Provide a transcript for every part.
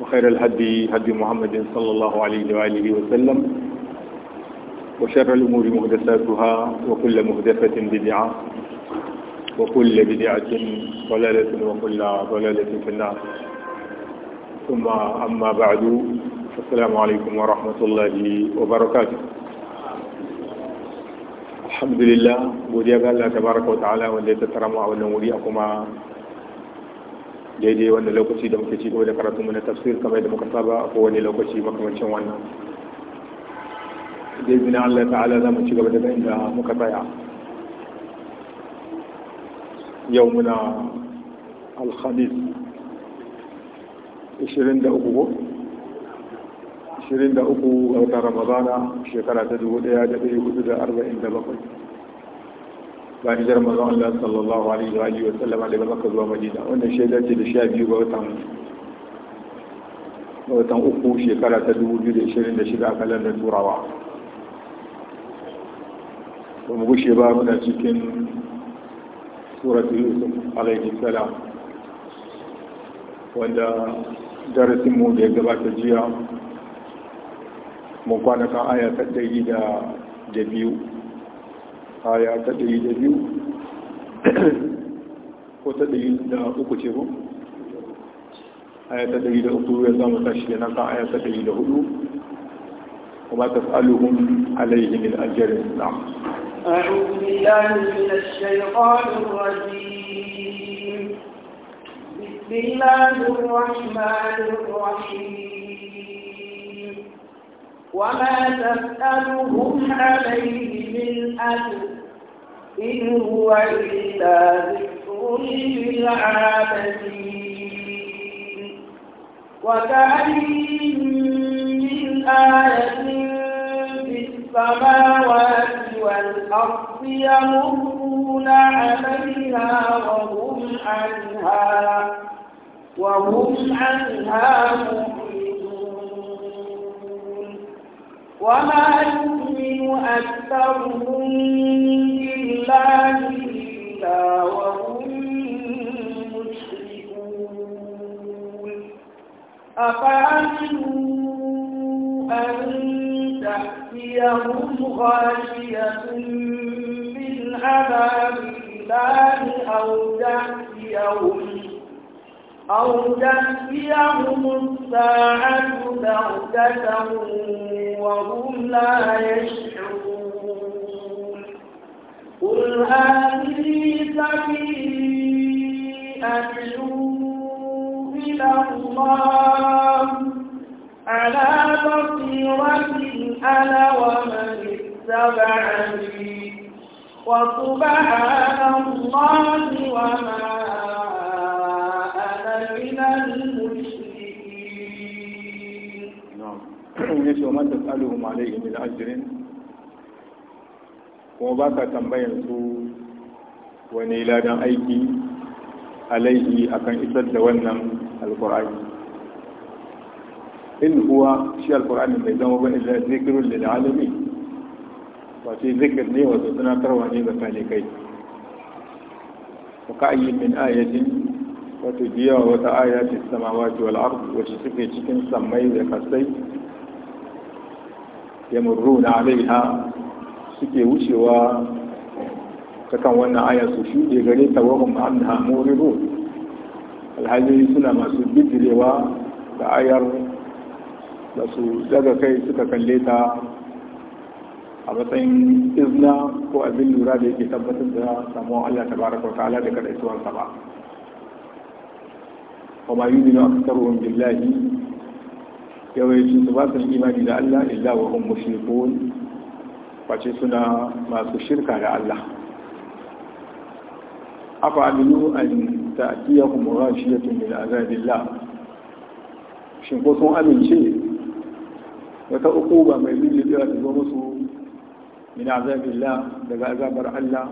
وخير الهدي هدي محمد صلى الله عليه وآله وسلم وشر الأمور مهدساتها وكل مهدفة بدعة وكل بدعة ضلالة وكل ضلالة في النار ثم أما بعد السلام عليكم ورحمة الله وبركاته الحمد لله godiya ga تبارك وتعالى وليت ta'ala wanda ya tattara daidai wanda lokaci da muke ci gaba da karatu mu tafsir kamar da muka saba a kowane lokaci makamancin wannan da izinin Allah ta'ala za mu ci gaba daga inda muka tsaya yau muna alhamis 23 23 ga watan ramadana shekara ta 1447 ba hijar mazan Allah sallallahu alaihi wa alihi wa sallama daga Makka zuwa Madina wannan shaida ce da biyu ga watan watan uku shekara ta da 2026 a da turawa ba mu gushe ba muna cikin suratu yusuf alaihi salam wanda darasin mu da ya gabata jiya mun kwana kan aya ta ɗari da biyu aya ta ɗari da biyu ko ta ɗari da uku ce ko aya ta ɗari da uku ya zama tashi da nasa aya ta ɗari da hudu وما تسألهم عليه من أجر نعم أعوذ بالله من الشيطان الرجيم بسم الله الرحمن الرحيم وما تسألهم عليه من أجل إن هو إلا ذكر للعالمين وكأين من آية في السماوات والأرض يمرون عليها وهم عنها وهم عنها مؤمنون وما يؤمن أكثرهم بالله إلا وهم مشركون أفعلوا أن تأتيهم غاشية من عذاب الله أو تأتيهم أو تأتيهم الساعة بغتة وهم لا يشعرون قل هذه سبيلي أدعو إلى الله على بصيرة أنا ومن اتبعني وسبحان الله وما من المشركين نعم يشوف ما تسألهم عليه من أجر kuma ba ka tambayar su wani ladan aiki alaihi akan isar da wannan alkur'ani in kuwa shi alkur'ani bai zama ba illa zikirun lil alami ba shi zikir ne wato tunatarwa ne ga kai kai wa ka ayyin min ayatin wato biya wata aya ce samawati wal ard wacce suke cikin sammai da kasai na alaiha suke wucewa ta kan wannan aya su shuɗe gare ta wa anha alhali suna masu bijirewa da ayar da su daga kai suka kalle ta a matsayin izna ko abin lura da yake tabbatar da samuwan Allah tabaraka wa ta'ala da kada isuwarsa ba wa ma yuminu aktharuhum billahi yawancin su ba su imani da Allah illa wa hum mushrikun face suna masu shirka da Allah afa aminu an ta'tiyahum rashiyatun min azabillah shin ko sun amince wata ukuba mai lullubewa da zo musu min azabillah daga azabar Allah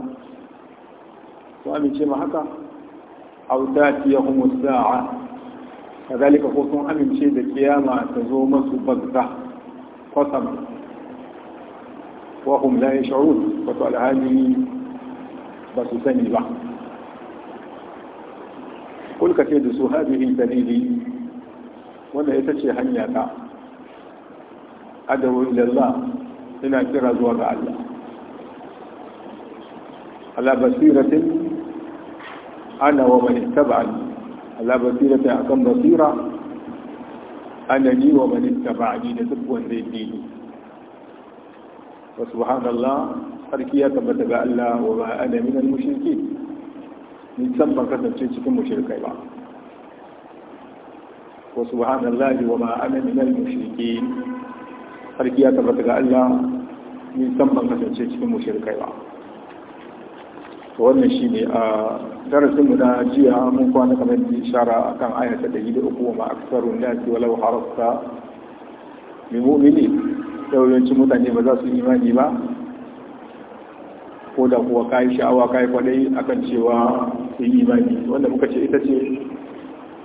amince ma haka kazalika ko sun amince da kiyama ta zo masu bazza kwasam wa hum la yash'urun wato alhali ba su sani ba kulka ce da su hadihi dalili wanda ita ce hanya ta adawu ila Allah ina kira zuwa ga Allah ala basiratin ana wa man ittaba'ani ala basira ta akan basira anani wa man ittaba'ani da duk wanda ya bi wa subhanallah sarki ya tabbata ga Allah wa ba ana min al mushrikin ni san ban kasance cikin mushrikai ba wa subhanallah wa ba ana min al mushrikin sarki ya tabbata ga Allah ni san ban kasance cikin mushrikai ba to wannan shi ne a darasin mu na jiya mun kwana kamar da shara akan aya ta uku wa ma aksaru nasi walau harasta bi mu'mini yawancin mutane ba za su yi imani ba ko da kuwa kayi sha'awa kayi kwadai akan cewa su yi imani wanda muka ce ita ce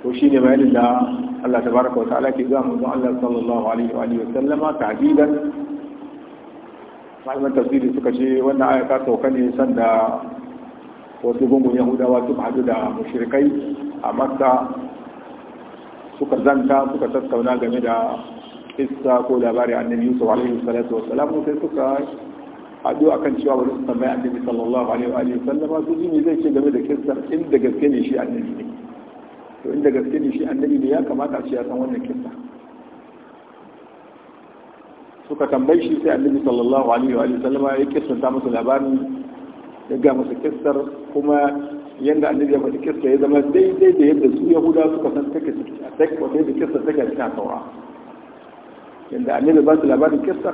to shi ne bayanin da Allah ta baraka wa ta'ala ke zuwa manzon Allah sallallahu alaihi wa alihi wa sallama ta'didan malaman tafsiri suka ce wannan aya ta sauka ne sanda wasu gungun yahudawa sun haɗu da mushrikai a makka suka zanta suka tattauna game da isa ko labari annabi yusuf alaihi salatu wa salam sai suka a akan cewa wani su tambayi annabi sallallahu alaihi wa sallama su ji me zai ce game da kisa inda gaske ne shi annabi ne to inda gaske ne shi annabi ne ya kamata a ce ya san wannan kisa suka tambayi shi sai annabi sallallahu alaihi wa sallama ya kisa ta musu labarin ya ga musu kistar kuma yadda annabi ya faɗi kistar ya zama daidai da yadda su yahuda suka san take a take wato yadda kissa take cikin saura Yadda annabi ba su labarin kistar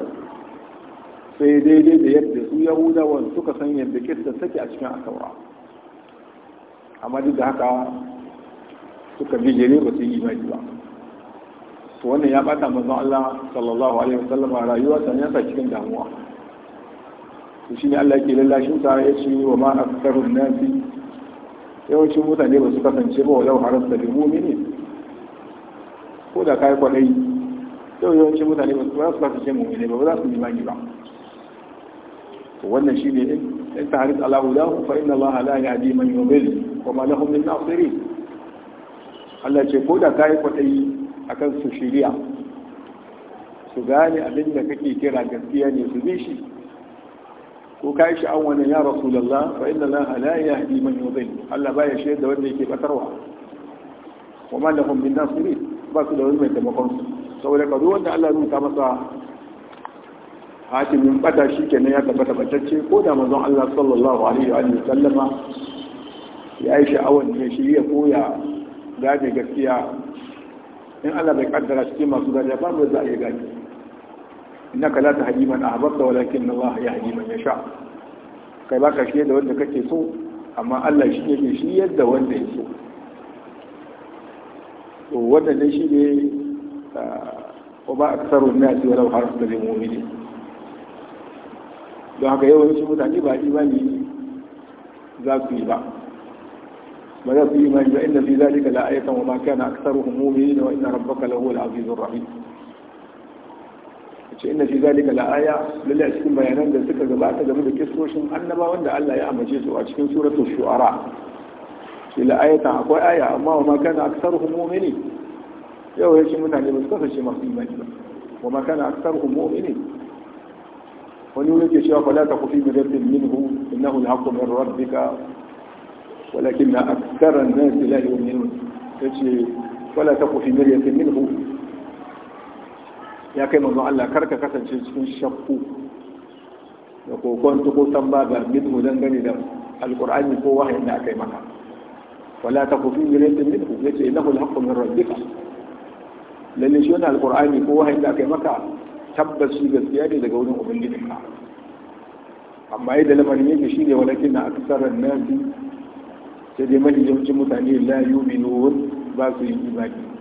sai daidai da yadda su yahudawan suka san yadda kissa take a cikin saura amma duk da haka suka jere ba su yi imani ba to wannan ya bata manzon Allah sallallahu alaihi wasallam rayuwa ya sa cikin damuwa to shi ne Allah ke lallashin sa ya ce wa ma aktharun nasi yawancin mutane ba su kasance ba walau da bi mu'mini ko da kai kwadai yau yawancin mutane ba su kasance mu'mini ba ba za su yi imani ba wannan shi ne in ta haris Allahu lahu fa inna Allah la yahdi man yudhil wa ma lahum min nasirin Allah ce ko da kai kwadai akan su shiriya su gane abin da kake kira gaskiya ne su bi shi ko ka yi sha'an wani ya rasu rasulallah fa inna la la yahdi man yudhil Allah ba ya shayar da wanda yake batarwa wa ma lahum min nasiri ba su da wani mai taimakon su saboda ka wanda Allah zai ka masa hakimin shi kenan ya tabbata batacce ko da manzon Allah sallallahu alaihi wa sallama ya yi sha'awar ne shi ya koya gane gaskiya in Allah bai kaddara cikin masu gane ba mu za a yi gane innaka la tahdi man ahbabta walakin Allah yahdi man yasha kai baka shi da wanda kake so amma Allah shi yake shi yadda wanda ya so to wannan ne shi ne wa ba aksaru nasi walau harasta lil mu'minin don haka yawanci mutane ba imani za su yi ba ba za su yi imani ba inda fi zalika la ayatan wa ma kana aktsaruhum mu'minin wa inna rabbaka lahu al-azizur rahim فإن في ذلك الآية لله سكن بيانا عند ذكر جبعات جمود كسوشن أنما وأن ألا يأم جيسو أشكن سورة الشعراء إلى آية أقوى آية أما وما كان أكثرهم مؤمنين يو يشي من أن يمستخل شي مخي مجمع وما كان أكثرهم مؤمنين ونقول لك شيء فلا في بذرة منه إنه الحق من ربك ولكن أكثر الناس لا يؤمنون فلا في بذرة منه ya kai manzon Allah karka kasance cikin shakku da kokon ko ba ga don gani da alqur'ani ko wahayin da aka yi maka wala ta kufi miraytin midhu yace innahu alhaqqu min rabbika lalle shi wannan alqur'ani ko wahayin da aka yi maka tabbas shi gaskiya ne daga wurin ka. amma yadda lamarin yake shi ne walakin na aksarar nasi sai dai mafi yawancin mutane la yuminun ba su yi imani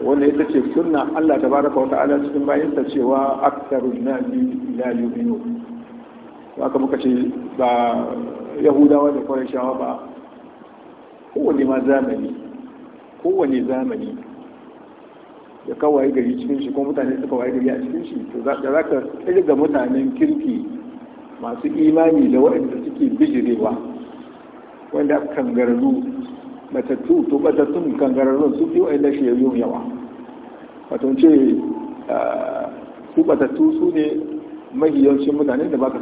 wanda ita ce sunna Allah ta baraka wa ta'ala cikin bayan ta cewa aktharun nasi la yu'minu haka muka ce ba yahudawa da qurayshawa ba kowane ma zamani kowane zamani da kawai gari cikin shi ko mutane suka kawai gari a cikin shi to da za ka kirga mutanen kirki masu imani da waɗanda suke bijirewa wanda kan kangararru matattu to matattun kangararrun su fi wa'in da shi yau yawa wato ce ah, su matattu su ne yawancin mutane da ba ka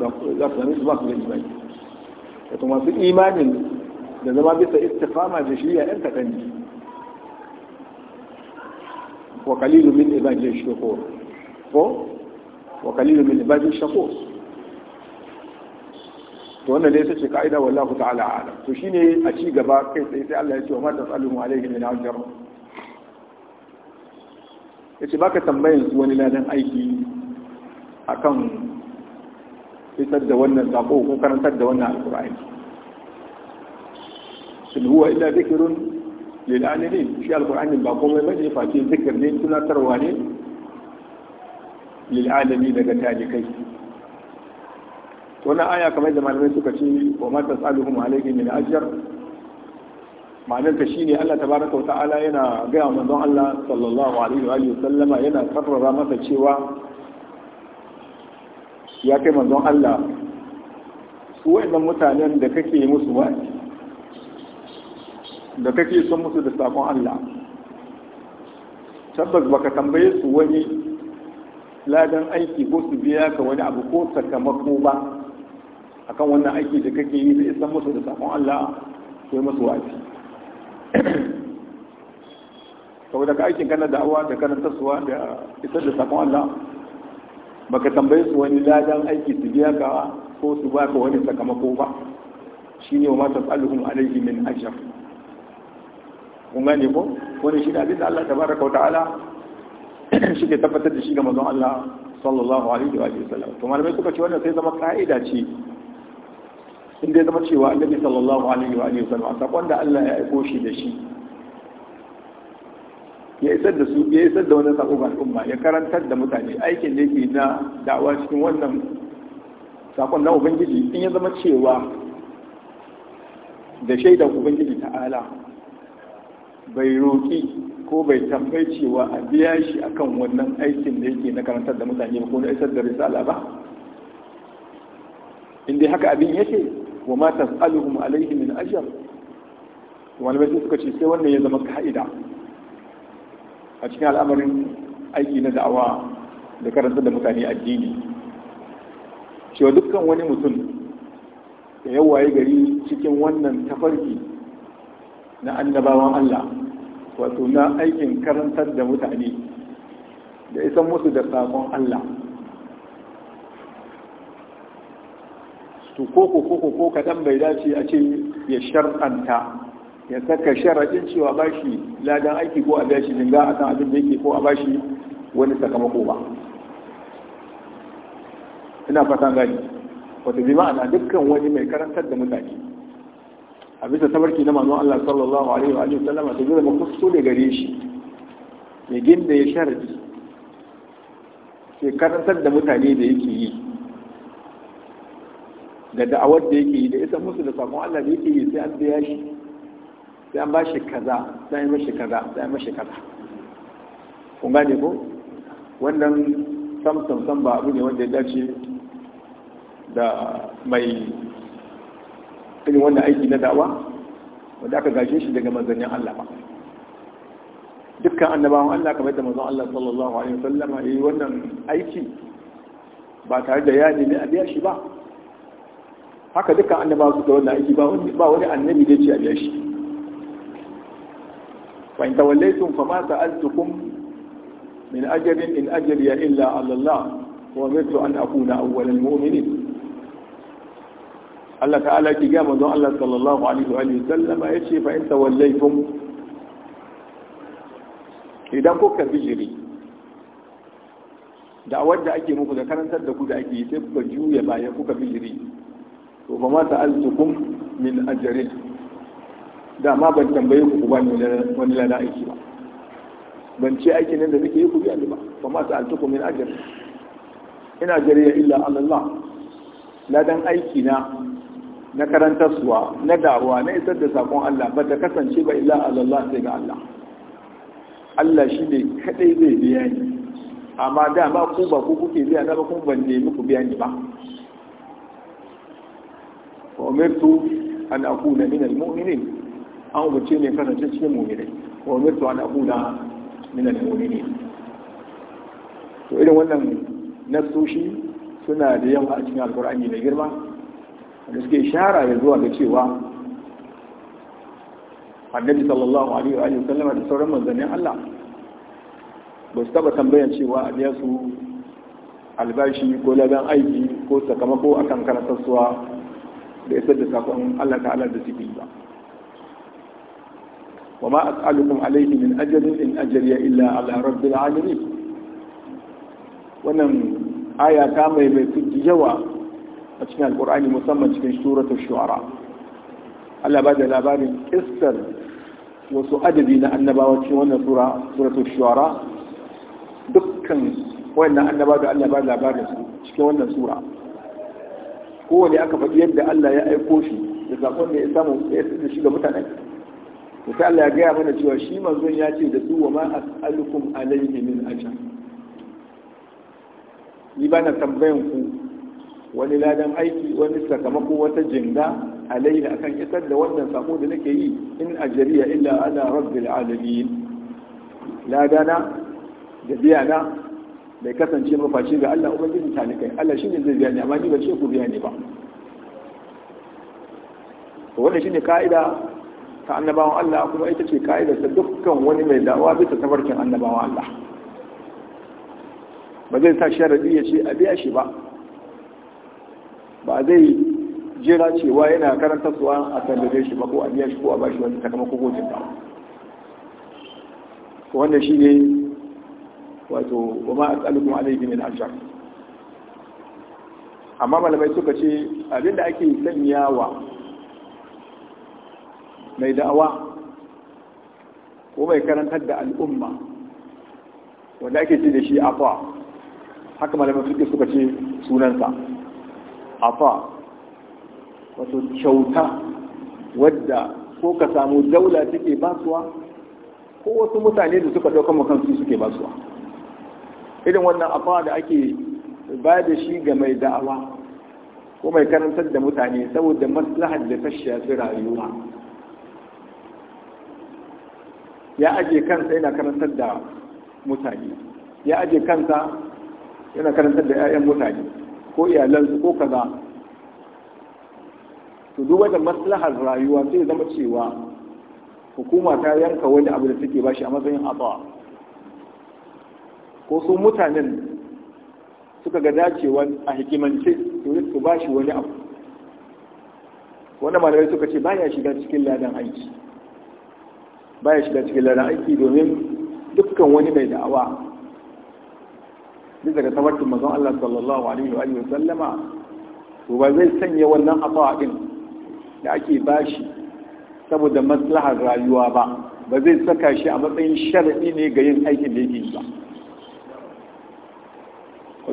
zane su ba su da imani wato masu imanin da zama bisa istifama da shi ya yan kaɗan wakalilu min ibadin shakos ko min ibadin to wannan ne sai ce ka'ida wallahu ta'ala ala to shine a ci gaba kai tsaye sai Allah ya ce wa mata tasaluhu alaihi min ajr yace baka tambayan su wani ladan aiki akan fitar da wannan sako ko karantar da wannan alqur'ani in huwa illa dhikrun lil alamin shi alqur'ani ba komai ne face dhikr ne tunatarwa ne lil alamin daga talikai Wani aya kamar da malamai suka ce wa ma tasaluhum alayhi min ajr ma'anar ta shine Allah tabaraka wa ta'ala yana gaya wa manzon Allah sallallahu alaihi wa sallama yana karrara masa cewa ya kai manzon Allah su wa'annan mutanen da kake musu ba. da kake son musu da sakon Allah tabbas baka tambaye su wani ladan aiki ko su biya ka wani abu ko sakamako ba akan wannan aiki da kake yi da isan musu da sakon Allah sai musu wa'azi saboda ka aikin kana da'awa da kana tasowa da isar da sakon Allah baka tambaye su wani ladan aiki su biya ka ko su ba ka wani sakamako ba shine wa mata tsalluhum alaihi min ajr kun gane ko wani shi da abin da Allah tabaraka wa ta'ala shi ke tabbatar da shi ga manzon Allah sallallahu alaihi wa sallam to malamai suka ce wannan sai zama ka'ida ce sun dai zama cewa annabi sallallahu alaihi wa alihi wasallam sakon da Allah ya aiko shi da shi ya isar da su ya isar da wannan sako ga al'umma ya karantar da mutane aikin da yake na da'awa cikin wannan sakon na ubangiji in ya zama cewa da shaidan ubangiji ta'ala bai roƙi ko bai tambayi cewa a biya shi akan wannan aikin da yake na karantar da mutane ko na isar da risala ba in dai haka abin yake wa ma tas'aluhum alayhi min ajr wani sai suka ce sai wannan ya zama ka'ida a cikin al'amarin aiki na da'awa da karanta da mutane addini cewa dukkan wani mutum da ya waye gari cikin wannan tafarki na annabawan Allah wato na aikin karantar da mutane da isan musu da sakon Allah to koko koko ko kaɗan bai dace a ce ya shar'anta ya saka sharadin cewa ba shi ladan aiki ko a bashi shi a kan abin da yake ko a ba shi wani sakamako ba ina fatan gani wata bi ma'ana dukkan wani mai karantar da mutane a bisa tabarki na manzon Allah sallallahu alaihi wa sallama ta zama kusto da gare shi ya ginda ya sharadi sai karantar da mutane da yake yi da da'awar da yake yi da isa musu da sakon Allah da yake yi sai an biya shi sai an ba shi kaza sai an mashi kaza sai an mashi kaza kun gane ko wannan sam sam sam ba abu ne wanda ya dace da mai irin wannan aiki na da'awa wanda aka gashe shi daga manzannin Allah ba dukkan annabawan Allah kamar da manzon Allah sallallahu alaihi wasallama yayi wannan aiki ba tare da ya nemi a biya shi ba haka dukkan annabawa suka wannan aiki ba wani annabi da ce a biya shi fa in tawallaytum fa ma sa'altukum min ajrin in ajriya illa 'ala Allah wa umirtu an akuna awwalal mu'minin Allah ta'ala ki ga manzon Allah sallallahu alaihi wa sallam yace fa in tawallaytum idan kuka bijiri da wadda ake muku da karantar da ku da ake sai kuka juya bayan kuka bijiri to ba mata sa'altukum min ajrin da ma ban tambaye ku ba ne wani lada aiki ba ban ce aikin nan da nake yi ku biya ni ba ba ma sa'altukum min ajr ina jariya illa Allah ladan aiki na na karantarsuwa na daruwa na isar da sakon Allah ba ta kasance ba illa Allah sai ga Allah Allah shi ne kadai zai biya ni amma da ma ku ba ku kuke biya na ba kun ban nemi ku biya ni ba wa umirtu an akuna min almu'minin an umarce ne kasance cikin mu'minai wa umirtu an akuna min almu'minin to irin wannan nasoshi suna da yawa a cikin alkur'ani mai girma da suke shara ya zuwa da cewa annabi sallallahu alaihi wa sallama da sauran manzannin Allah ba su taba tambayan cewa a su albashi ko ladan aiki ko sakamako akan karatarsuwa da isar da sakon Allah ta'ala da suke ba wa ma as'alukum alayhi min ajrin in ajriya illa ala rabbil alamin wannan aya ta mai mai yawa a cikin alqur'ani musamman cikin suratul shu'ara Allah ba da labarin kissar wasu adabi na annabawa cikin wannan sura suratul shu'ara dukkan wayannan annabawa da Allah ba da labarin su cikin wannan sura kowane aka faɗi yadda Allah ya aiko shi da sakon da ya samu ya da shi ga mutane misali Allah ya gaya mana cewa shi manzon ya ce da su wa ma as'alukum alayhi min ajr ni ba na tambayan ku wani ladan aiki wani sakamako wata jinga alayhi akan isar da wannan sako da nake yi in ajriya illa ala rabbil alamin ladana da na. bai kasance mafashi ga Allah ubangiji ta ni kai Allah shi ne zai biya ni amma ni ba ce ku biya ni ba to wannan shine kaida ta annabawan Allah kuma ita ce kaidar ta dukkan wani mai da'awa bisa tafarkin annabawan Allah ba zai sa sharadi ya ce a biya shi ba ba zai jira cewa yana karanta suwa a tallafe shi ba ko a biya shi ko a ba shi wani sakamako ko ba wannan shi ne wato wa ma as'alukum alayhi min ajr amma malamai suka ce abinda ake sanyawa mai da'awa ko mai karantar da al'umma wanda ake ce da shi afa haka malamai suke suka ce sunansa afa wato kyauta wadda ko ka samu daula take basuwa ko wasu mutane da suka ɗaukar kansu suke basuwa irin wannan afawa da ake ba da shi ga mai da'awa ko mai karantar da mutane saboda maslahar da ta shafi rayuwa ya aje kansa yana karantar da mutane ya aje kansa yana karantar da 'ya'yan mutane ko iyalansu ko kaza to duk wata maslahar rayuwa sai zama cewa hukuma ta yanka wani abu da take bashi a matsayin abawa ko su mutanen suka ga dacewa a hikimance su ba shi wani abu wanda malamai suka ce baya shiga cikin ladan aiki baya shiga cikin ladan aiki domin dukkan wani mai da'awa Duk daga tabbatin mazan Allah sallallahu alaihi wa sallama to ba zai sanya wannan afawa din da ake bashi saboda maslahar rayuwa ba ba zai saka shi a matsayin sharadi ne ga yin aikin da yake yi ba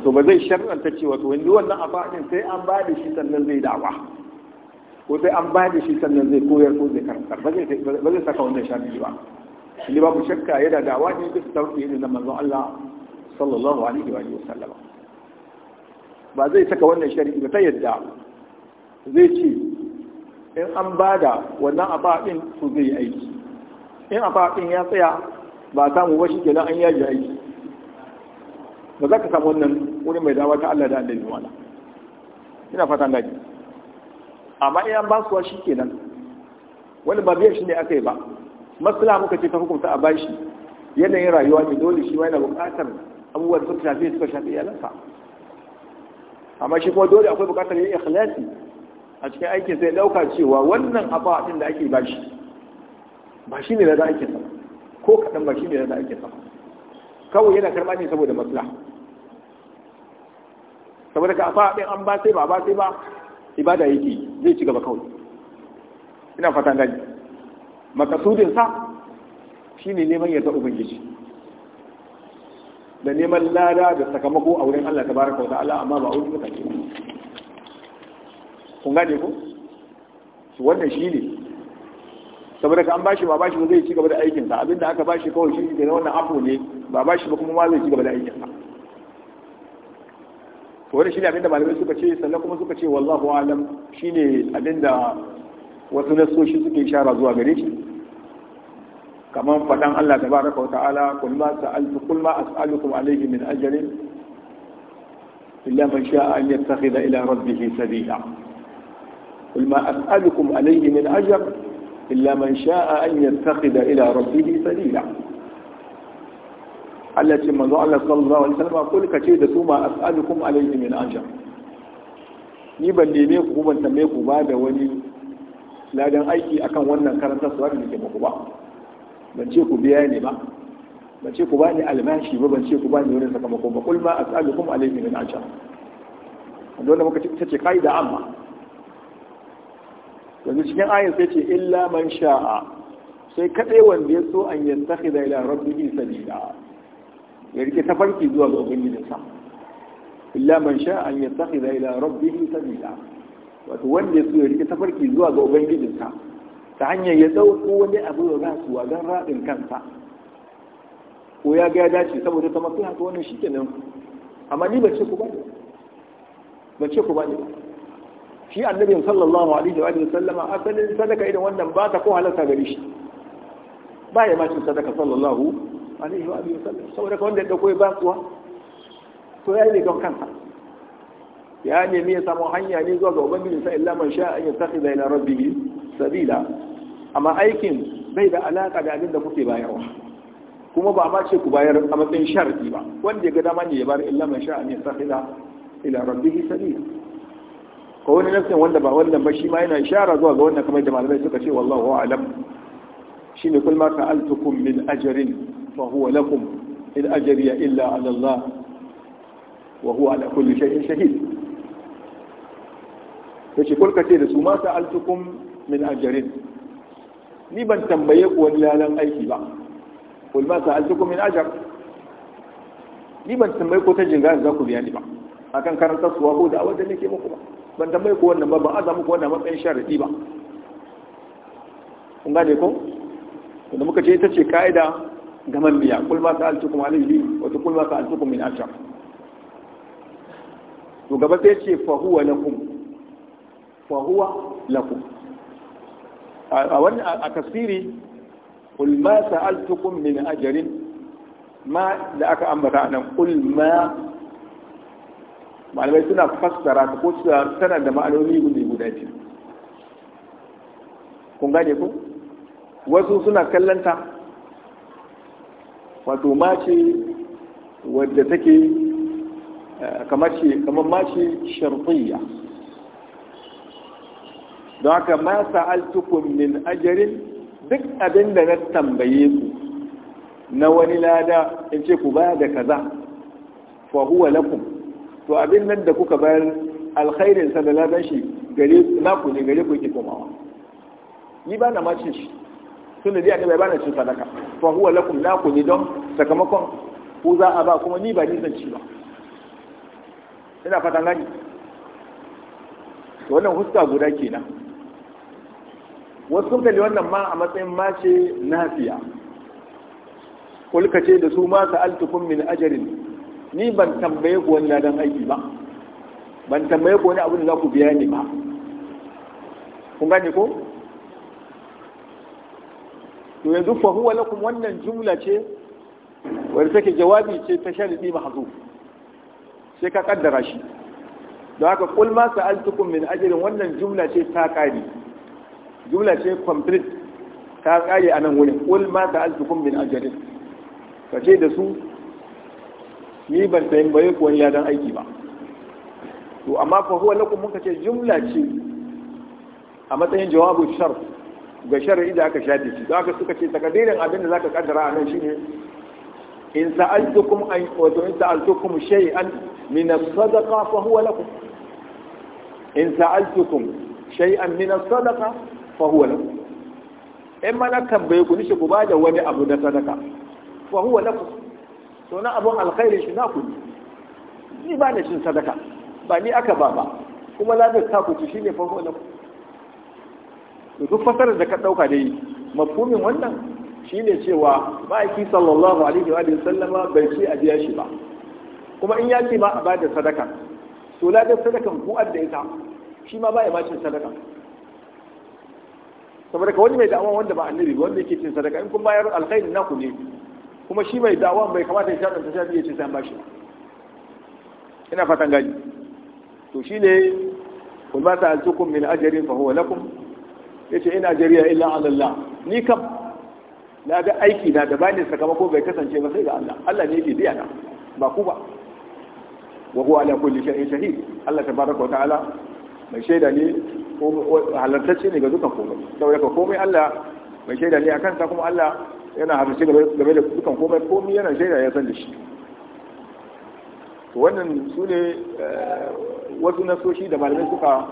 wato ba zai shar'anta ce wato wani wannan afaɗin sai an ba da shi sannan zai dawa ko sai an ba da shi sannan zai koyar ko zai karantar ba zai saka wannan shafi ba shi babu shakka yana dawa ne duk sauki ne na manzon Allah sallallahu alaihi wa sallama ba zai saka wannan shari'i ba ta yadda zai ce in an ba da wannan afaɗin su zai yi aiki in afaɗin ya tsaya ba samu ba shi kenan an yaji aiki ba za ka samu wannan wurin mai dawa ta Allah da Allah wala ina fata gaji amma iya an basuwa shi nan wani ba biyar shi ne aka yi ba matsala muka ce ta hukunta a bashi yanayin rayuwa ne dole shi wani yana buƙatar abubuwan suka shafi suka shafi iyalansa amma shi kuma dole akwai buƙatar yin ikhlasi a cikin aikin sai dauka cewa wannan abuwa ɗin da ake bashi ba shi ne da za a ke sama ko kaɗan ba shi ne da za a ke sama kawai yana karɓa ne saboda maslaha saboda ka fa din an ba sai ba ba sai ba ibada yake zai ci gaba kawai ina fatan gani makasudin sa shine neman yarda ubangiji da neman lada da sakamako a wurin Allah tabaraka wa ta'ala amma ba a wurin mutane kun gane ko su wannan shine saboda ka an bashi ba bashi ba zai ci gaba da aikinsa abinda aka bashi kawai shi ne wannan afu ne ba bashi ba kuma ma zai ci gaba da aikinsa to wani shine abinda malamai suka ce sannan kuma suka ce wallahu alam shine abinda wasu nasoshi suke ishara zuwa gare shi kamar fadan Allah tabaraka wa ta'ala kul ma sa'altu kul ma as'alukum alayhi min ajrin illa man sha'a an yattakhidha ila rabbih sabila kul ma as'alukum alayhi min ajr illa man sha'a an yattakhidha ila rabbih sabila Allah ce manzo Allah sallallahu alaihi wasallam kul ka ce da su ma as'alukum alaihi min ajr ni ban neme ku ban tambaye ku ba da wani ladan aiki akan wannan karanta su da ke muku ba ban ce ku biya ne ba ban ce ku ba ni almashi ba ban ce ku ba ni wani sakamako ba kul ma as'alukum alaihi min ajr dole muka ce ce kai da amma yanzu cikin ayin sai ce illa man sha'a sai kadai wanda ya so an yantakhidha ila rabbihi sabila ya rike farki zuwa ga ubangijinsa illa man sha an yattakhidha ila rabbihi sabila wato wanda ya so ya rike farki zuwa ga ubangijinsa ta hanyar ya dauko wani abu da su a gan kansa ko ya gaya dace saboda ta masu haka wannan kenan amma ni bace ku bane bace ku bane shi annabi sallallahu alaihi wa sallama asalin sadaka idan wannan ba ta ko halarta gare shi ba ya ma cin sadaka sallallahu alaihi wa alihi wasallam saboda ka wanda ya dauko ya ba kuwa to ya ne don kansa ya nemi ya samu hanya ne zuwa ga ubangiji sa illa man sha an yattakhidha ila rabbihi sabila amma aikin bai da alaka da abin da kuke bayarwa kuma ba ma ce ku bayar a matsayin sharadi ba wanda ya ga dama ne ya bar illa man sha an yattakhidha ila rabbihi sabila ko wani nafsin wanda ba wannan ba shi ma yana ishara zuwa ga wannan kamar da malamai suka ce wallahu a'lam shine kulma ma ta'altukum min ajrin fa huwa lakum in ajriya illa ala Allah wa huwa ala kulli shay'in shahid yace kulka ce da su ma sa'altukum min ajrin ni ban tambaye ku wani lalan aiki ba kul ma sa'altukum min ajr ni ban tambaye ku ta jinga za ku biya ni ba akan karanta suwa ko da'awar da nake muku ba ban tambaye ku wannan ba ban aza muku wannan matsayin sharadi ba kun gane ko wanda muka ce ita ce ka'ida gaman biya kul ma sa'altukum alayhi wa kul ma sa'altukum min ashar to gaba sai ce fahuwa na lakum fahuwa na lakum a wani a tafsiri kul ma sa'altukum min ajrin ma da aka ambata nan kul ma malamai suna fassara ta ko tana da ma'anoni guda biyu kun gane ku wasu suna kallanta wato mace wadda take eh, kamar ce kamar mace shartiyya don haka ma sa'altukum min ajarin duk abin da na tambaye ku na wani lada in ce ku baya da kaza fa huwa lakum to abin nan da kuka bayar alkhairin sa da ladan shi gare ku ne gare ku ki komawa ni ba na mace shi tun da dai annabi ba na cin sadaka fa huwa lakum la ku ni don sakamakon ku za a ba kuma ni ba ni zan ci ba ina fatan gani wannan huska guda kenan wasu kalli wannan ma a matsayin mace nafiya kulka ce da su ma sa'altukum min ajarin ni ban tambaye ku wani ladan aiki ba ban tambaye ku wani abu da za ku biya ni ba kun gane ko to yanzu fa huwa lakum wannan jumla ce wanda take jawabi ce ta sharidi mahzuf sai ka kaddara shi don haka kul ma sa'altukum min ajrin wannan jumla ce ta kare jumla ce complete ta kare a nan wurin kul ma sa'altukum min ajrin ka ce da su ni ban sayin bai ko wani dan aiki ba to amma fa huwa lakum muka ce jumla ce a matsayin jawabu shart ga shari'i da aka shafe shi don haka suka ce takadirin abinda za ka kaddara a nan shine in sa'altukum an wato in sa'altukum shay'an min as-sadaqa fa huwa lakum in sa'altukum shay'an min as-sadaqa fa huwa lakum in mana tambaye ku shi ku ba da wani abu na sadaka fa huwa lakum to na abun alkhairi shi na ku ni ba da shin sadaka ba ni aka ba ba kuma lazar ta ku ci shine fa huwa lakum to duk fasarar da ka ɗauka dai mafumin wannan shi ne cewa ma'aiki sallallahu alaihi wa sallama bai ce a biya shi ba kuma in ya ce ma a bada sadaka to ladar sadakan ku adda ita shi ma ba ya bacin sadaka saboda ka wani mai da'awa wanda ba annabi ba wanda yake cin sadaka in kun bayar alkhairi na ku ne kuma shi mai da'awa bai kamata ya sha ɗan tashi ya ce sai an bashi ina fatan gani to shi ne kul ma sa'altukum min ajrin fa huwa lakum ce ina jariya illa Allah ni kam na ga aiki na da bani sakamako bai kasance ba sai ga Allah Allah ne yake biya na ba ku ba wa huwa ala kulli shay'in shahid Allah tabaraka wa ta'ala mai shaida ne halartacce ne ga dukkan komai saboda ka komai Allah mai shaida ne akan sa kuma Allah yana halarci game da dukkan komai komai yana shaida ya san da shi wannan su ne eh, wasu nasoshi da malamai suka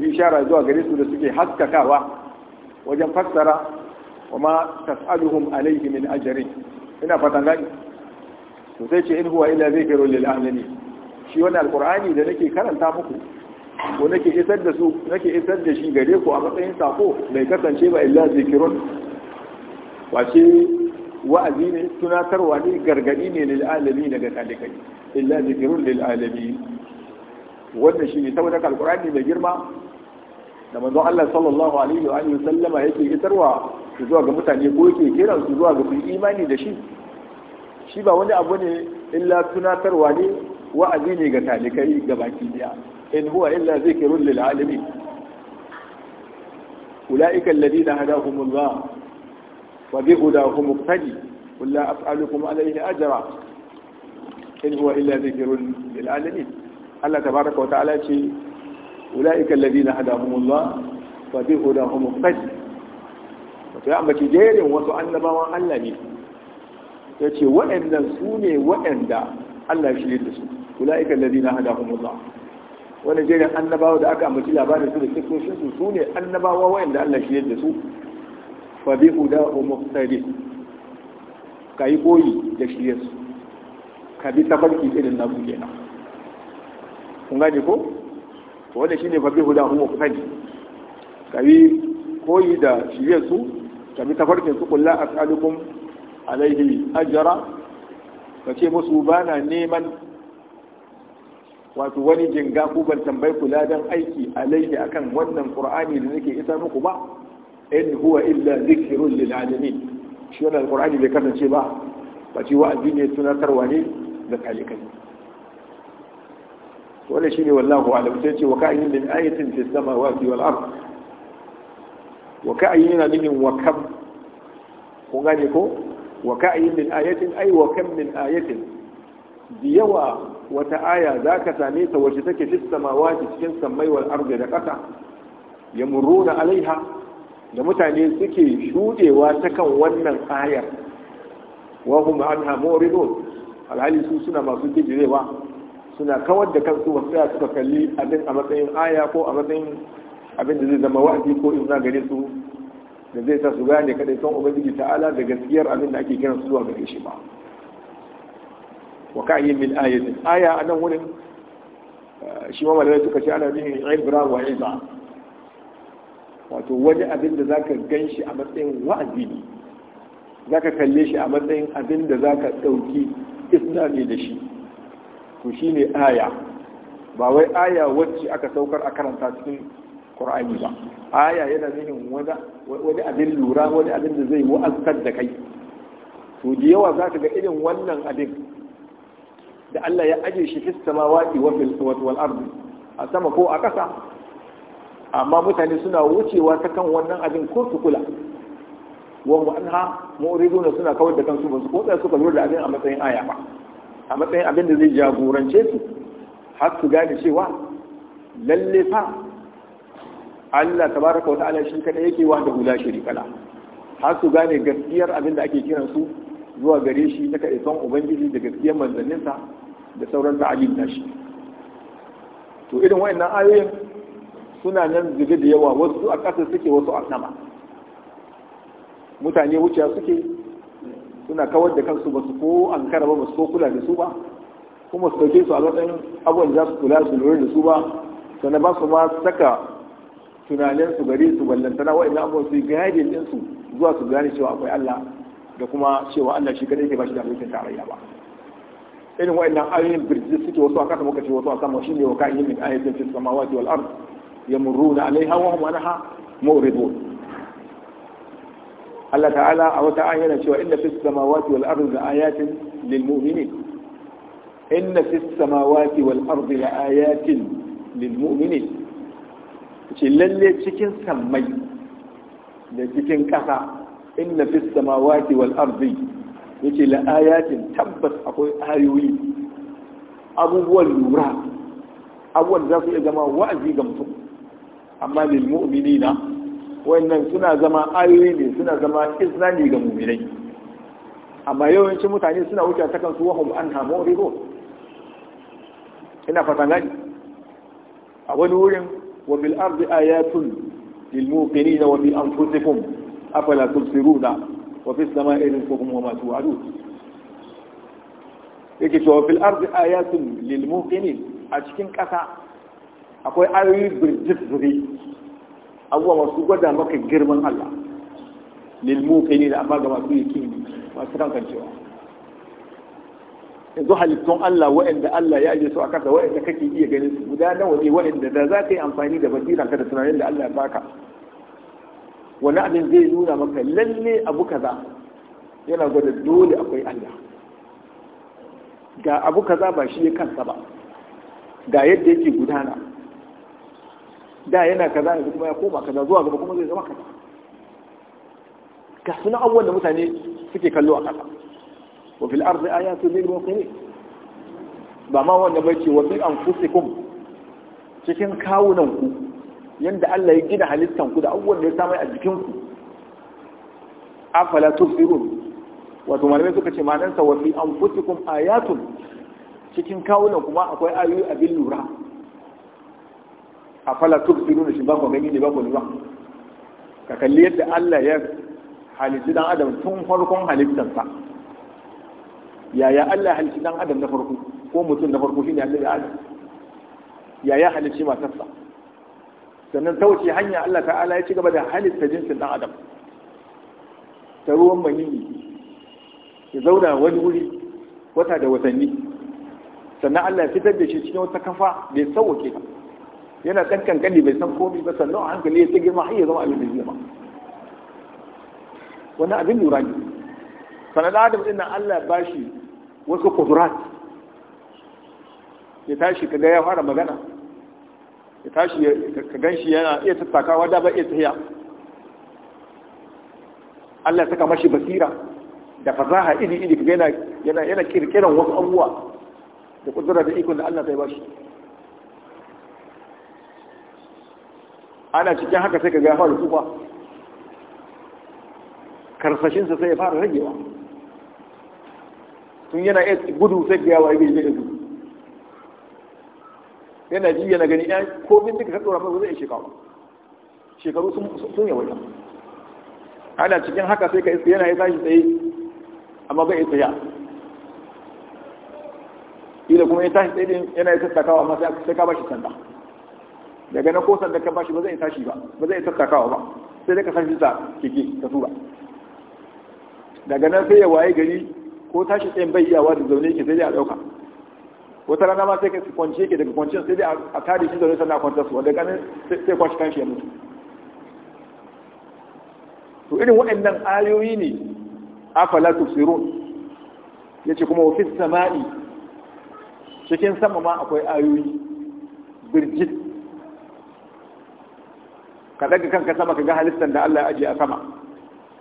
ishara zuwa gare su da suke haskakawa wajen fassara wa ma tas'aluhum alayhi min ajrin ina fatan gani to sai ce in huwa illa zikrun lil alamin shi wannan alqur'ani da nake karanta muku ko nake isar da su nake isar da shi gare ku a matsayin sako bai kasance ba illa zikrun wace wa'azi ne tunatarwa ne gargadi ne lil alamin daga kalikai illa zikrun lil alamin wannan shi ne saboda alkur'ani mai girma da manzon Allah sallallahu alaihi wa alihi sallama yake isarwa su zuwa ga mutane ko yake kiran su zuwa ga imani da shi shi ba wani abu ne illa tunatarwa ne wa'azi ne ga talikai ga baki daya in huwa illa zikrun lil alamin ulaika alladhina hadahumullah wa bi hudahum muqtadi qul la as'alukum alayhi ajra in huwa illa zikrun lil alamin Allah tabaraka wa ta'ala ce ulaika alladhina hadahumullah wa bi hudahum muqtadi wato ya ambaci jerin wasu annabawan Allah ne ya ce waɗannan su ne waɗanda Allah shi da su ulaika alladhina hadahumullah wani jerin annabawa da aka ambaci labarin su da sifofin su su ne annabawa waɗanda Allah shi da su fa bi hudahum muqtadi kai koyi da shi ka bi tafarki irin nasu kenan kun gane ko to wanda shine fa bi huda huwa kufani kabi koyi da shirye su kabi tafarkin su kullu as'alukum alaihi ajra kace musu bana neman wato wani jinga ku ban tambayi kula dan aiki alaihi akan wannan qur'ani da nake isar muku ba in huwa illa dhikrun lil alamin shi wannan qur'ani bai kasance ba ba ci wa'azi ne tunatarwa ne da kalikai wannan shine wallahu alam sai ce wa ka'ayyin min ayatin fis samawati wal ard wa ka'ayyin yana nufin wa kam kun gane ko wa ka'ayyin min ayatin ai wa kam min ayatin da yawa wata aya za ka same ta wacce take fis samawati cikin sammai wal ard da ƙasa yamurruna alaiha da mutane suke shudewa ta kan wannan ayar wa hum anha muridun alhali su suna masu ba. suna kawar da kansu wasu ya suka kalli abin a matsayin aya ko a matsayin abin da zai zama wa'azi ko in za gare su da zai sa su gane kadai son ubangiji ta'ala da gaskiyar abin da ake kiransu su gare shi ba wa ka yi min ayatin aya a nan wurin eh, shi ma malamai suka ce ana bin ibra wa iza wato wani abin da zaka gan shi a matsayin wa'azi ne zaka kalle shi a matsayin abin da zaka dauki isna ne da shi to ne aya ba wai aya wacce aka saukar a karanta cikin ƙorani ba aya yana nufin wani abin lura wani abin da zai wa'azkar da kai to da yawa za ka ga irin wannan abin da Allah ya ajiye shi fis samawati wa wal arzi a sama ko a ƙasa amma mutane suna wucewa ta kan wannan abin ko su kula wa mu anha suna kawar da kansu ba su ko suka lura da abin a matsayin aya ba a matsayin abin da zai jagorance su har su gane cewa lalle fa Allah tabaraka wa ta'ala shi kada yake wa da hula shiri har su gane gaskiyar abin da ake kiran su zuwa gare shi na kaɗaiton ubangiji da gaskiyar manzanninsa da sauran ta'alim shi to irin wayannan ayoyin suna nan zube da yawa wasu a ƙasa suke wasu a sama mutane wuciya suke suna kawar da kansu ba su ko an kara ba basu su ko kula da su ba kuma su dauke su a matsayin abubuwan da su kula su lura da su ba sannan ba su ma saka tunanin su gari su ballantana wa'in abubuwan su gadi din su zuwa su gane cewa akwai Allah da kuma cewa Allah shi kadai ke ba shi da abokin tarayya ba irin wa'annan ayoyin birjis suke wasu a kasa muka ce wasu a sama ne wa ka'in min ayatin fis samawati wal ard yamurruna alaiha wa hum anha mu'ridun Allah ta'ala a wata ayar yana cewa inna fis samawati wal ardi ayatin lil mu'minin inna fis samawati wal ardi ayatin lil mu'minin ce lalle cikin sammai da cikin ƙasa inna fis samawati wal ardi yace la ayatin tabbas akwai ayoyi abubuwan lura abubuwan za su iya zama wa'azi ga mutum amma lil mu'minina wannan suna zama ayoyi ne suna zama islami ga mummirai amma yawancin mutane suna wuce ta kansu wahum an hamu rigo ina fatan gani a wani wurin wa bil ardi ayatun lil muqinina wa bi anfusikum afala tusiruna wa fis samai rizqukum wa ma tu'adun yake cewa fil ardi ayatun lil muqinin a cikin kasa akwai ayoyi birjit zuri abubuwa masu gwada maka girman Allah lilmu kai ne da amma ga masu yake masu rankancewa yanzu halittun Allah wa'anda Allah ya aje su a kasa wa'anda kake iya ganin su guda nawa ne wa'anda da za ka yi amfani da basira ka da tunanin da Allah ya baka wani abin zai nuna maka lalle abu kaza yana gwada dole akwai Allah ga abu kaza ba shi ne kansa ba ga yadda yake gudana da yana kaza yanzu kuma ya koma kaza zuwa gaba kuma zai zama kaza ga suna abubuwan da mutane suke kallo a kasa wa fil arzi ayatu lil muqinin ba ma wanda bai ce wa bil anfusikum cikin kawunan ku yanda Allah ya gina halittan ku da abubuwan da ya samai a jikin ku afala tufsirun wato malamai suka ce ma'anarsa wa fi anfusikum ayatun cikin kawunan ma akwai ayoyi abin lura a fala tubsiruna shi ba ku gani ne ba ku lura ka kalli yadda Allah ya halitta dan adam tun farkon halittarsa yaya Allah halitta dan adam na farko ko mutum na farko shine Allah adam yaya halitta sa. sannan ta wuce hanya Allah ta'ala ya ci gaba da halitta jinsin dan adam ta ruwan maniyyi ya zauna wani wuri wata da watanni sannan Allah ya fitar da shi cikin wata kafa da ya sauwake ka yana ɗan kalli bai san komi ba sannan hankali ya ta girma har ya zama abin da jima. wannan abin lura ne sanada adam ɗin nan Allah ba shi wasu kudurat ya tashi kaga ya fara magana ya tashi ka gan shi yana iya tattakawa da ba iya tsaya Allah saka mashi basira da fasaha iri iri kaga yana yana kirkiran wasu abubuwa da kudura da ikon da Allah zai ba shi ana cikin haka sai ka ga fara tsufa karsashinsa sai ya fara ragewa tun yana iya gudu sai ga yawa ibe da gudu yana ji yana gani ya komin duka kaɗora mai zai shekaru shekaru sun yawaita ana cikin haka sai ka isa yana ya tashi tsaye amma bai isa ya ila kuma ya tashi tsaye yana ya tattakawa amma sai ka ba shi sanda daga na ko da ka bashi ba zai tashi ba ba zai isa takawa ba sai dai ka san shi ta keke ka tura daga nan sai ya waye gari ko tashi tsayin bai iyawa da zaune ke sai dai a ɗauka wata rana ma sai ka kwance ke daga kwanciyar sai dai a tare shi zaune sannan a kwantar su wanda ganin sai kwanci kanshi ya mutu to irin waɗannan ayoyi ne afala ya yace kuma wafis sama'i cikin sama ma akwai ayoyi birjit ka daga kanka sama ka ga halittar da Allah ya aje a sama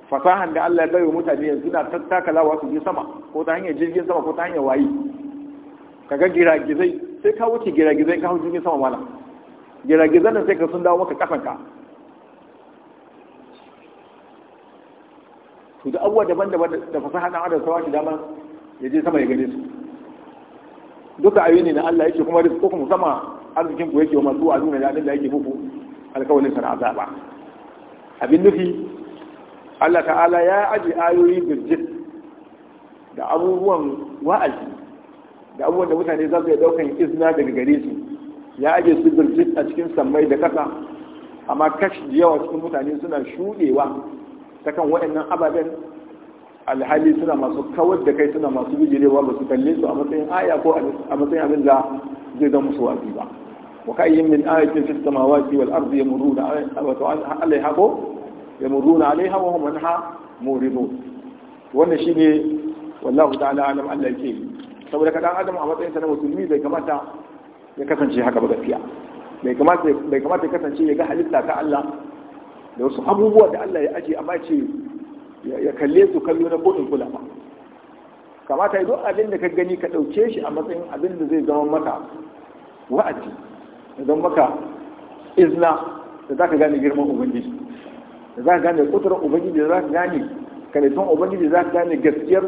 fasahan da Allah ya bai wa mutane yanzu na tattakalawa su je sama ko ta hanyar jirgin sama ko ta hanyar wayi ka ga giragizai sai ka wuce giragizai ka hau jirgin sama mana giragizan nan sai ka sun dawo maka kafanka to da abubuwa daban-daban da fasaha na adam sawa shi dama ya je sama ya gane su duka ayoyi ne na Allah yake kuma rizqukum sama arzikin ku yake wa masu azuna da abin da yake muku alkawalin sana azaba abin nufi Allah ta'ala ya aji ayoyi birjit da abubuwan wa'azi da abubuwan da mutane za su yi daukan izina daga gare su ya aje su birjit a cikin sammai da kasa amma kashi da yawa cikin mutane suna shuɗewa ta kan waɗannan ababen alhali suna masu kawar da kai suna masu bijirewa ba su kalle su a matsayin aya ko a matsayin abin da zai zama musu wa'azi ba وكأي من آية في السماوات والأرض يمرون عليها يمرون عليها وهم عنها موردون wannan shine wallahu ta'ala alam Allah yake saboda kadan adam a matsayinsa na musulmi bai kamata ya kasance haka ba gaskiya bai kamata ya kasance ya ga halitta ta Allah da wasu abubuwa da Allah ya aje amma ce ya kalle su kallo na kodin kula kamata ya duk abin da ka gani ka ɗauke shi a matsayin abin da zai zama maka wa'azi idan maka izna da za ka gane girman ubangiji da za ka gane kuturar ubangiji da za ka gane karatun ubangiji za ka gane gaskiyar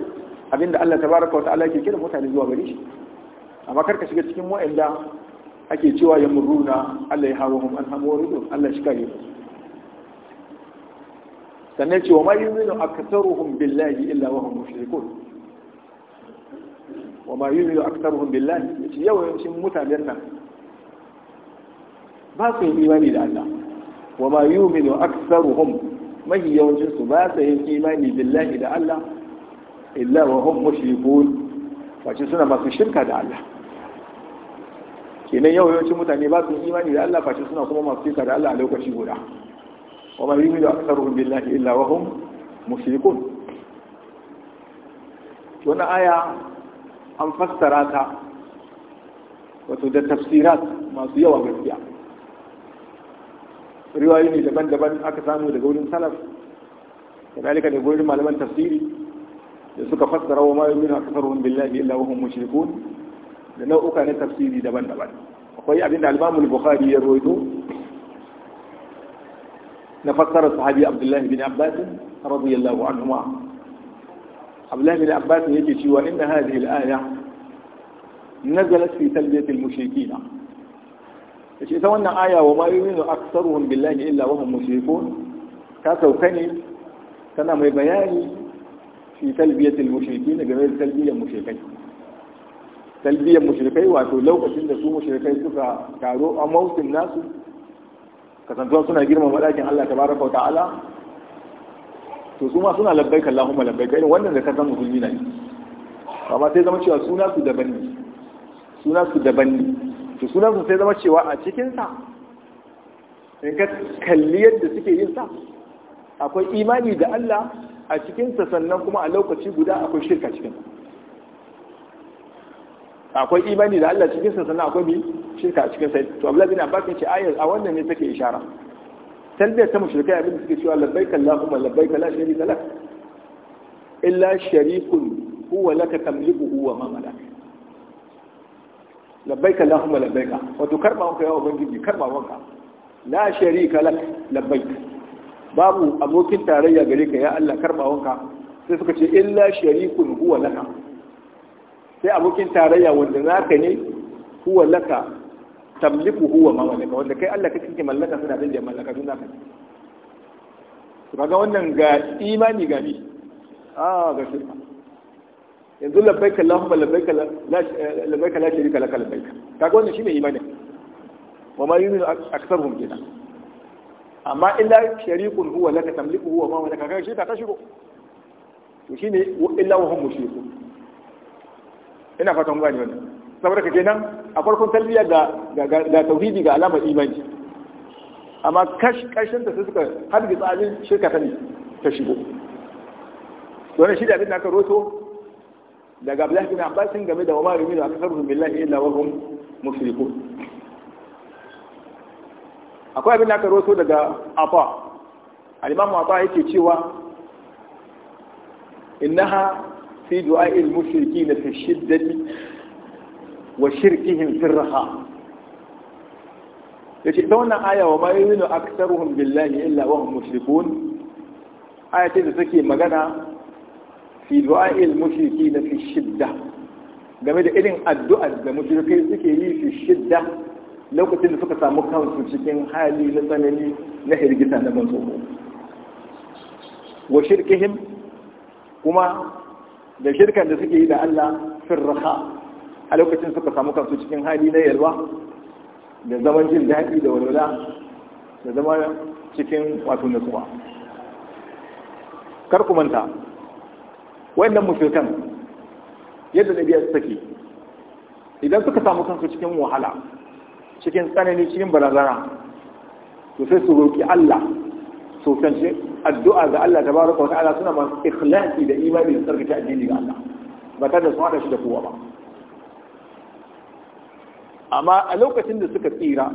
abinda Allah ta baraka wa ta'ala ke kira mutane zuwa gari. shi amma kar ka shiga cikin wa'anda ake cewa ya muruna Allah ya hawa hum alhamu wa rudu Allah shi kare su sannan cewa ma yuminu aktsaruhum billahi illa wa hum mushrikun wa ma yuminu aktsaruhum billahi yawancin mutanen nan ba su yin imani da Allah wa ma yu'minu aktsaruhum mahi yawancin su ba su yin imani billahi da Allah illa wa hum mushrikun wace suna masu shirka da Allah kenan yau yawancin mutane ba su yi imani da Allah face suna kuma masu shirka da Allah a lokaci guda wa ma yu'minu aktsaruhum billahi illa wa hum mushrikun wannan aya an fassara ta wato da tafsirat masu yawa gaskiya riwayoyi ne daban-daban aka samu daga wurin salaf kadalika da gurin malaman tafsiri da suka fassara wa ma yumina aktharuhum billahi illa wa hum mushrikun da nau'uka na tafsiri daban-daban akwai abin da al-Imam al-Bukhari ya rawaito na fassara sahabi Abdullah bin Abbas radiyallahu anhu ma Abdullah bin Abbas yake cewa inna hadhihi al-aya nazalat fi talbiyati al-mushrikeena yace ta wannan aya wa ma yu'minu aktsaruhum billahi illa wahum mushrikun ta sauka ne tana mai bayani fi talbiyatil mushrikin game da talbiyar mushrikai talbiyar mushrikai wato lokacin da su mushrikai suka taro a mausin nasu kasantuwa suna girmama ɗakin Allah tabaraka wa ta'ala to su ma suna labbaika Allahumma labbaika irin wannan da ka san musulmi ne amma sai zama cewa suna su daban ne suna su daban ne to sunansu sai zama cewa a cikinsa in ka kalli yadda suke yin sa akwai imani da Allah a cikinsa sannan kuma a lokaci guda akwai shirka cikin akwai imani da Allah cikinsa sannan akwai bi shirka a cikinsa to abu lazina ba ce ayar a wannan ne take ishara talbiyar ta mashirkai abin da suke cewa labbaika Allahumma labbaika la sharika lak illa sharikun huwa laka tamliku huwa ma labbaika Allahumma labbaika wato karba wanka ya ubangiji karba wanka la sharika lak labbaika babu abokin tarayya gare ka ya Allah karba wanka sai suka ce illa sharikun huwa laka sai abokin tarayya wanda zaka ne huwa laka tamliku huwa ma malaka wanda kai Allah kake kike mallaka suna da mallaka sun naka to kaga wannan ga imani gabi a ga yanzu labbaika Allahumma labbaika labbaika la sharika laka labbaika kaga wannan shine imani wa ma yuminu aktsaruhum kenan amma illa sharikun huwa laka tamliku huwa ma wani kaga shirka ta shigo to shine illa wa hum mushriku ina fatan gani wannan saboda ka kenan a farkon talbiya ga ga tauhidi ga alamar imani amma kash kashin da suka har da tsarin shirka ta ne ta shigo wannan shi da abin da aka roto daga Abdullahi na abbasin game da Umar bin Al-Khattab billahi illa wa musulku akwai abin da aka roso daga Afa alimamu Afa yake cewa innaha fi il musulki na fi shiddati wa shirkihin fi Ya ce ta wannan aya wa ma yuminu aktsaruhum billahi illa wa hum mushrikun aya ce da take magana fi du'a'il mushriki da fi shidda game da irin addu'ar da mushrikai suke yi fi shidda lokacin da suka samu kansu cikin hali na tsanani na hirgita na ban tsoho. wa shirkihim kuma da shirkan da suke yi da Allah firraha a lokacin suka samu kansu cikin hali na yalwa da zaman jin daɗi da walwala da zama cikin wato nutsuwa kar ku manta wayannan mushrikan yadda da biyar take idan suka samu kansu cikin wahala cikin tsanani cikin barazana to sai su roƙi Allah su kanci addu'a ga Allah tabaraka wa ta'ala suna masu ikhlasi da imani da tsarkake addini ga Allah ba tare da su hada shi da kowa ba amma a lokacin da suka tsira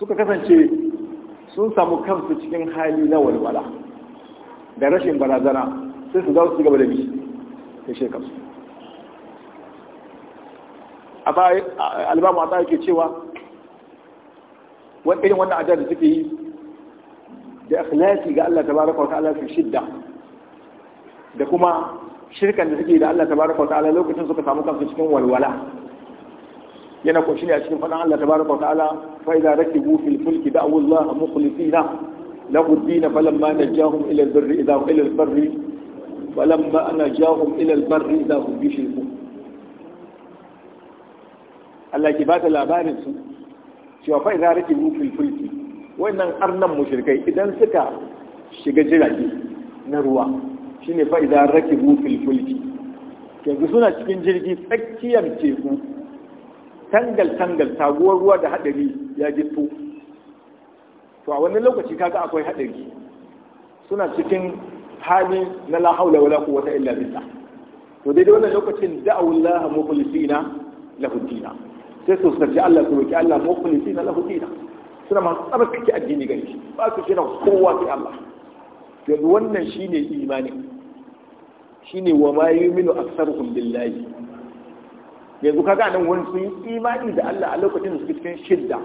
suka kasance sun samu kansu cikin hali na walwala da rashin barazana sai su za su gaba da bi da A su albamu a ke cewa wani irin wannan ajiyar da suke yi da ikhlasi ga Allah tabaraka wa ta'ala fi shidda da kuma shirkan da suke da Allah tabaraka wa ta'ala lokacin suka samu kansu cikin walwala yana kunshi ne a cikin faɗin Allah tabaraka wa ta'ala fa idza rakibu fil fulki da'u Allah mukhlisina lahu dina falamma najahum ila albirri idha ila albarri falamma najahum ila albarri idha hum yushriku Allah ki bata labarin su cewa fa idza rakibu fil fulki wannan arnan mushrikai idan suka shiga jirage na ruwa shine fa idza rakibu fil fulki yanzu suna cikin jirgi tsakiyar teku tangal tangal taguwar ruwa da hadari ya gito to a wannan lokaci kaga akwai haɗari suna cikin hali na la haula wala quwwata illa billah to dai wannan lokacin da'u Allah mukhlisina lahu dinna sai su sarci Allah su roki Allah mukhlisina lahu dinna suna masu tsarkake addini gare shi ba su kira kowa sai Allah yanzu wannan shine imani shine wa ma yu'minu aktharuhum billahi yanzu kaga nan wani sun yi imani da Allah a lokacin da suke cikin shidda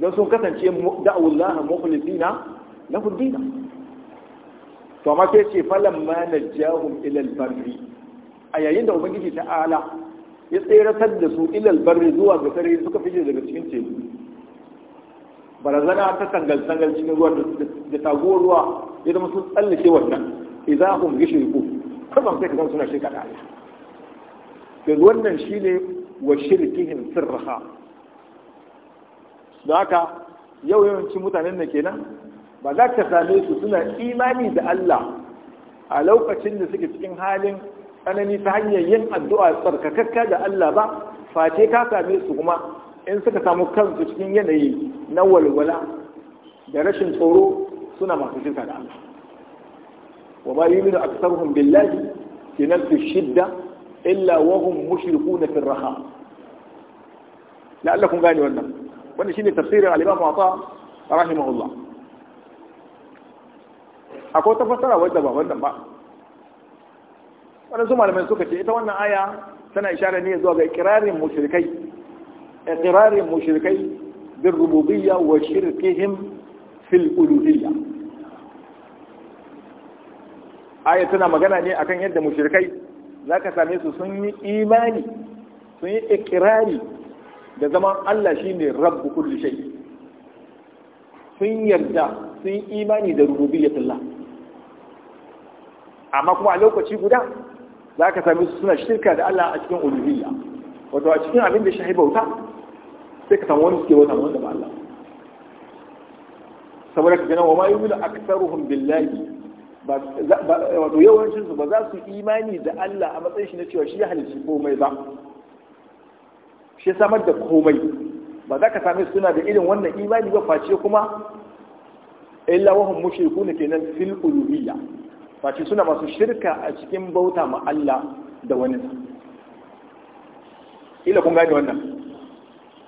don sun kasance da'awullaha mukhlisina lahu dina to amma sai ce falon ma najahum ila albarri a yayin da ubangiji ta'ala ya tseratar da su ila al-barri zuwa ga sarari suka fice daga cikin teku barazana ta sangal sangal cikin ruwa da taguwar ruwa ya zama sun tsallake wannan idan hum yushriku kaman sai kasan suna shirka da Allah to wannan shine wa shirkihin sirraha Da haka yau yawancin mutanen da kenan ba za ka same su suna imani da Allah a lokacin da suke cikin halin tsanani ta hanyar yin addu'a tsarkakakka da Allah ba face ka same su kuma in suka samu kansu cikin yanayi na walwala da rashin tsoro suna masu shirka da Allah wa ba yi minu aksaruhun billahi nan su shidda illa wahun mushrikuna fi raha Allah kun gane wannan wannan shine tafsirin al-Imam Muwatta rahimahullah akwai ta fassara wadda ba wannan ba wadansu malamai suka ce ita wannan aya tana isharar ne zuwa ga ikirarin mushrikai ikirarin mushrikai bin rububiyya wa shirkihim fil uluhiyya aya tana magana ne akan yadda mushrikai zaka same su sun yi imani sun yi ikirari da zaman Allah shi ne rabbu kulli shay sun yarda sun imani da rububiyatullah amma kuma a lokaci guda za ka sami su suna shirka da Allah a cikin uluhiyya wato a cikin abin da shahi bauta sai ka samu wani suke bauta wanda ba Allah saboda ka gana wa ma yu'minu aktsaruhum billahi wato yawancinsu ba za su imani da Allah a matsayin shi na cewa shi ya halicci mai ba shi samar da komai ba za ka same suna da irin wannan imani ba face kuma illa wahum mushrikuna kenan fil uluhiyya face suna masu shirka a cikin bauta ma Allah da wani ila kun gane wannan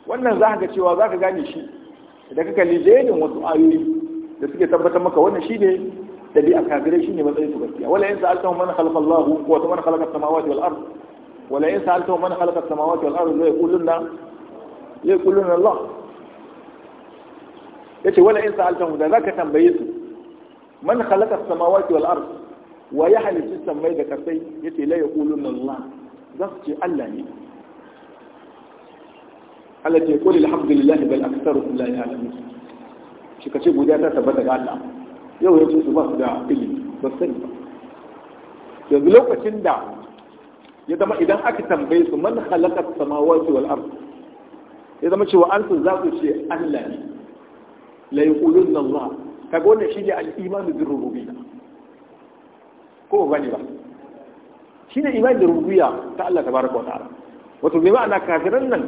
wannan za ka cewa za ka gane shi da ka kalli jerin wasu ayoyi da suke tabbatar maka wannan shi ne dabi'a kafirai shi ne matsayin su gaskiya wala yanzu alkama man khalaqa Allah wa man khalaqa as-samawati wal ard wala in sa'altu man khalaqa as-samawati wal ardi yaquluna yaquluna Allah yace wala in sa'altu da zaka tambaye su man khalaqa as-samawati wal ardi wa ya halitta samai da kasai yace la yaquluna Allah za su ce Allah ne Allah ce qul alhamdulillah bal aktharuhum la ya'lamun shi kace guda ta tabbata ga Allah yau yace su ba su da ilimi ba sani ba yanzu lokacin da ya zama idan aka tambaye su man halakar samawati wal ard ya zama cewa an su za su ce Allah ne la yaqulun Allah kaga wannan shine al-iman bi rububiyya ko ba ne ba shine iman da rububiyya ta Allah tabaraka wa ta'ala wato bai ma'ana kafiran nan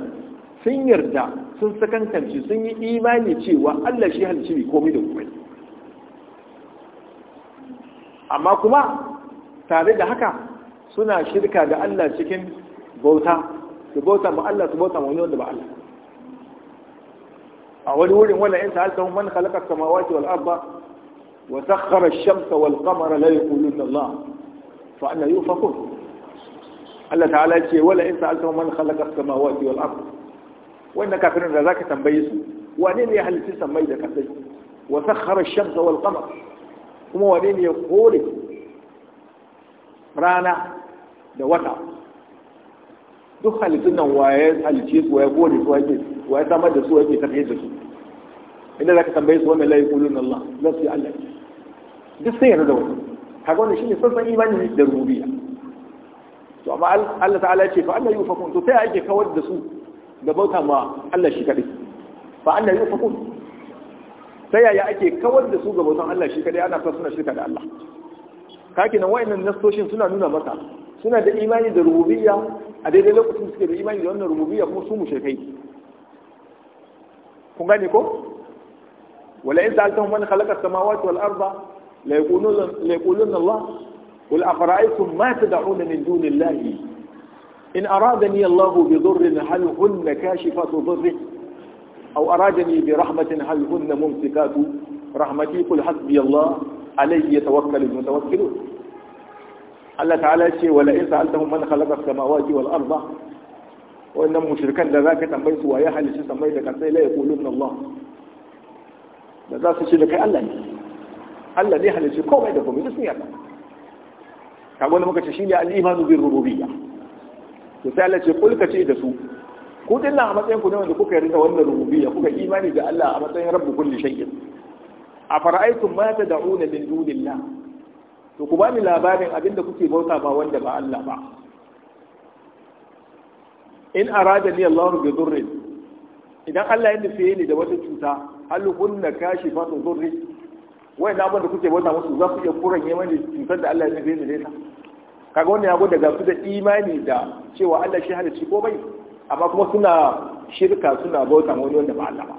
sun yarda sun sakantance sun yi imani cewa Allah shi halicci ne komai da komai amma kuma tare da haka suna shirka da Allah cikin bauta su bauta ma Allah su bauta ma wani wanda ba Allah a wani wurin wala in sa'alta man khalaqa samawati wal arda wa sakhkhara ash-shamsa wal qamara la yaquluna Allah fa anna yufakun Allah ta'ala ce wala in sa'alta man khalaqa samawati wal arda wannan kafirin da zaka tambaye su wane ne ya halitta samai da kasai wa sakhkhara ash-shamsa wal qamara kuma wane ne ya kore rana da wata duk halittun nan waye halicce su waye kowane su waye waye samar da su waye tafiyar da su inda ka tambaye su wani layi kulun Allah za su yi Allah duk sai yana da wani kaga shi ne sassan imani da rubiya to amma Allah ta'ala ya ce fa Allah annahu yufakun to sai ake kawar da su da bauta ma Allah shi kaɗai? fa Allah annahu yufakun ta yaya ake kawar da su ga bautan Allah shi kaɗai? ana sa suna shirka da Allah kakinan wa'annan nastoshin suna nuna maka suna da imani da rububiyya a daidai lokacin suke da imani da wannan rububiyya kuma su mushrikai kun gane ko wala in sa'altahum man khalaqa samawati wal arda la yaquluna la yaquluna Allah qul afara'aytum ma tad'una min dunillahi in aradani Allah bi dhurrin hal hunna kashifatu dhurri aw aradani bi rahmatin hal hunna mumsikatu rahmati qul hasbi Allah alayhi yatawakkalu mutawakkilun Allah ta'ala ce wala in sa'altahum man khalaqa as-samawati wal arda wannan mushrikan da zaka tambaye su waye halicci samai da kasai la yaquluna Allah da za su ce da kai Allah ne Allah ne halicci komai da komai duk sun yarda kaga wanda muka ce shine al-imanu bir rububiyya to sai Allah ce kulka ce da su ku dinnan a matsayin ku ne wanda kuka yarda wannan rububiyya kuka imani da Allah a matsayin rabbu kulli shay'in afara'aytum ma tad'una min dunillah to ku bani labarin abin da kuke bauta ba wanda ba Allah ba in arada ni Allah bi dhurrin idan Allah ya nufi ni da wata cuta hal kunna kashifatu dhurri wai da abin kuke bauta musu za ku iya kuranye mani cutar da Allah ya nufi ni da ita kaga wannan ya gode ga su da imani da cewa Allah shi halicci ko bai amma kuma suna shirka suna bauta wani wanda ba Allah ba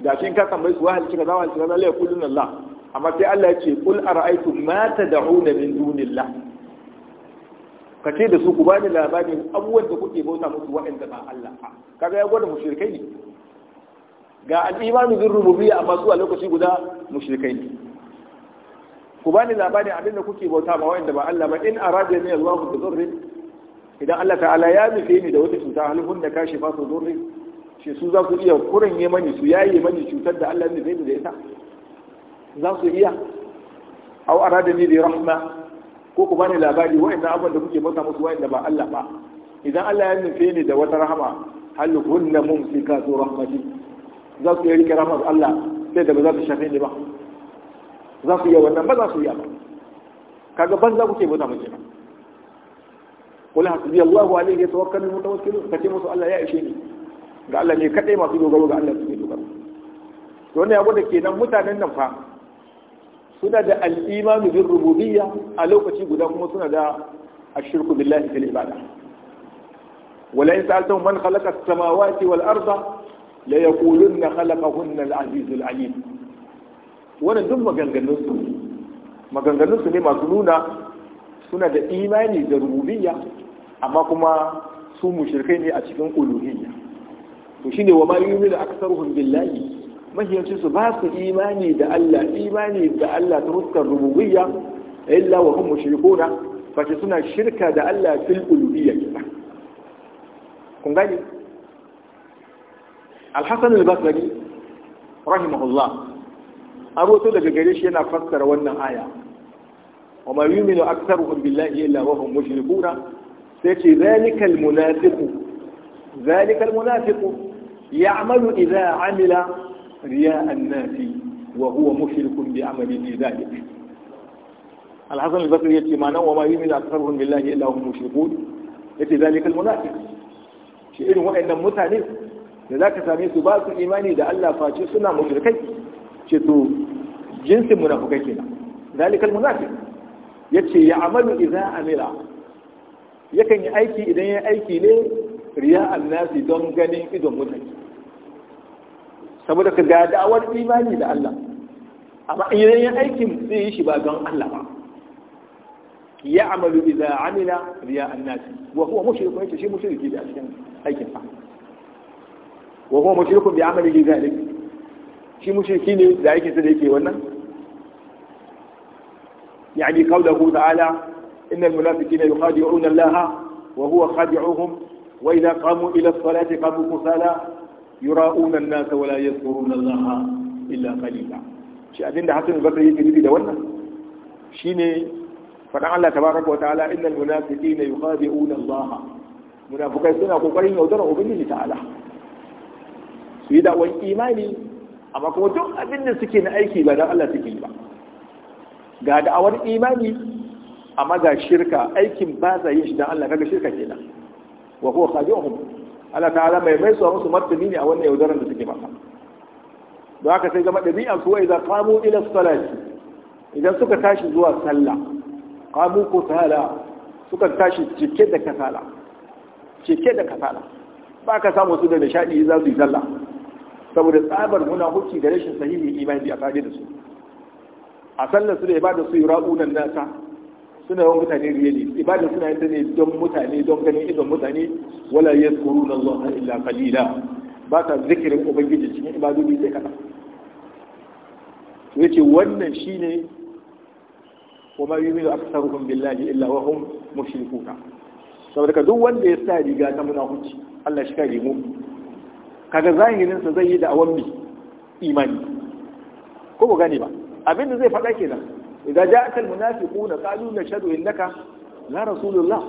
da shi in ka tambayi su wa ka kaza wa na kaza la yaqulun Allah amma sai Allah ya ce kul ara'aytu ma tad'una min dunillah ka ce da su ku bani labarin abubuwan da kuke bauta musu waɗanda ba Allah ba kaga ya gwada mushrikai ne ga al'imanu bin rububiyya amma su a lokaci guda mushrikai ne ku bani labarin abinda kuke bauta ma waɗanda ba Allah ba in arada ne Allah ku zurri idan Allah ta'ala ya nufe ni da wata cuta halhun da kashi ba su zurri shi su za ku iya kuren mani su yayi mani cutar da Allah ne zai da ita za su iya aw ni bi rahma ko ku bani labari wa'annan abin da kuke bata musu da ba Allah ba idan Allah ya nufe ni da wata rahama hal fi mumsikatu rahmati za su yi rike rahmar Allah sai da ba za su shafe ni ba za su yi wannan ba za su yi ba kaga banza kuke bata musu ba kula hasbi Allah wa alayhi yatawakkalu ka kace musu Allah ya ishe ni ga Allah ne kadai masu dogaro ga Allah suke dogaro to wannan ya gwada kenan mutanen nan fa suna da al'imanu bin rububiyya a lokaci guda kuma suna da ashirku billahi fil ibada wala in sa'altum man khalaqa as-samawati wal arda la yaqulunna khalaqahunna al-azizul alim wannan duk maganganun su maganganun su ne masu nuna suna da imani da rububiyya amma kuma su mushrikai ne a cikin uluhiyya to shine wa ma yu'minu aktsaruhum billahi mahiyancin su ba su imani da Allah imani da Allah ta fuskar rububiyya illa wa hum mushrikuna face suna shirka da Allah fil uluhiyya kun gani Al-Hasan al-Basri rahimahullah aroto daga gare shi yana fassara wannan aya wa ma yu'minu aktharuhum billahi illa wa hum mushrikuna sai ce zalikal munafiqu zalikal munafiqu ya'malu idza amila riya annasi wa huwa mushrikun bi amali bi zalik al-hasan al-basri yace ma nan wa ma yu'minu aktharuhum billahi illa hum mushrikun yace zalika al-munafiq shi irin waɗannan mutane da zaka same su ba su imani da Allah face suna mushrikai yace ya amalu idza amila yakan yi aiki idan ya aiki ne riya annasi don ganin idon mutane saboda ka ga da'awar imani da Allah amma idan ya aikin zai yi shi ba don Allah ba ya amalu idza amila riya annasi wa huwa mushriku yace shi mushriki da cikin aikin sa wa huwa mushriku bi amali zalik shi mushriki ne da yake sa da yake wannan yani ta'ala يعني قوله تعالى إن المنافقين يخادعون الله وهو خادعهم وإذا قاموا إلى salati qamu kusala yura'una an-nas wa la yadhkuruna Allah illa qalila shi abinda Hassan al-Basri yake nufi da wannan shine fadan Allah tabaraka wa ta'ala innal munafiqina yukhadi'una Allah munafikai suna kokarin yaudarar ubangiji ta'ala su yi da'awan imani amma kuma duk abin da suke na aiki ba don Allah suke yi ba ga da'awar imani amma ga shirka aikin ba za yi shi don Allah kaga shirka kenan wa huwa khadi'uhum Allah ta'ala bai mai so musu martani ne a wannan yaudaran da suke masa don haka sai zama ɗabi'an kuwa idan kamu ila salati idan suka tashi zuwa sallah kamu ko tala suka tashi cike da kasala cike da kasala ba ka samu su da nishaɗi za su yi sallah saboda tsabar muna hukki da rashin sahihin imani a tare da su a sallar su da ibada su yi ra'unan nasa suna yawan mutane riye ne ibada suna yin ta ne don mutane don ganin idon mutane wala na Allah illa kalila ba ta zikirin ubangiji cikin ibadodi sai kada to yace wannan shine wa ma yu'minu aktsaruhum billahi illa wa hum mushrikuna saboda duk wanda ya sa riga ta munafici Allah shi kare mu kaga zahirin sa zai yi da awan imani ko ba gane ba abinda zai faɗa kenan idza ja'aka almunafiquna qalu nashhadu innaka la rasulullah